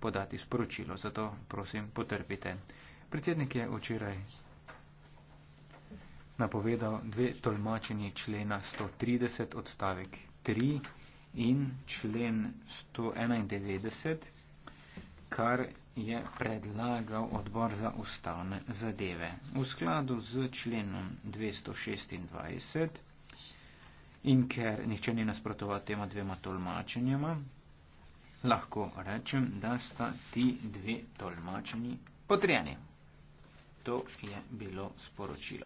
podati sporočilo. Zato prosim, potrpite. Predsednik je včeraj napovedal dve tolmačenji člena 130 odstavek 3 in člen 191, kar je predlagal odbor za ustavne zadeve. V skladu z členom 226 in ker nihče ni nasprotoval tema dvema tolmačenjama, lahko rečem, da sta ti dve tolmačeni potrjeni. To je bilo sporočilo.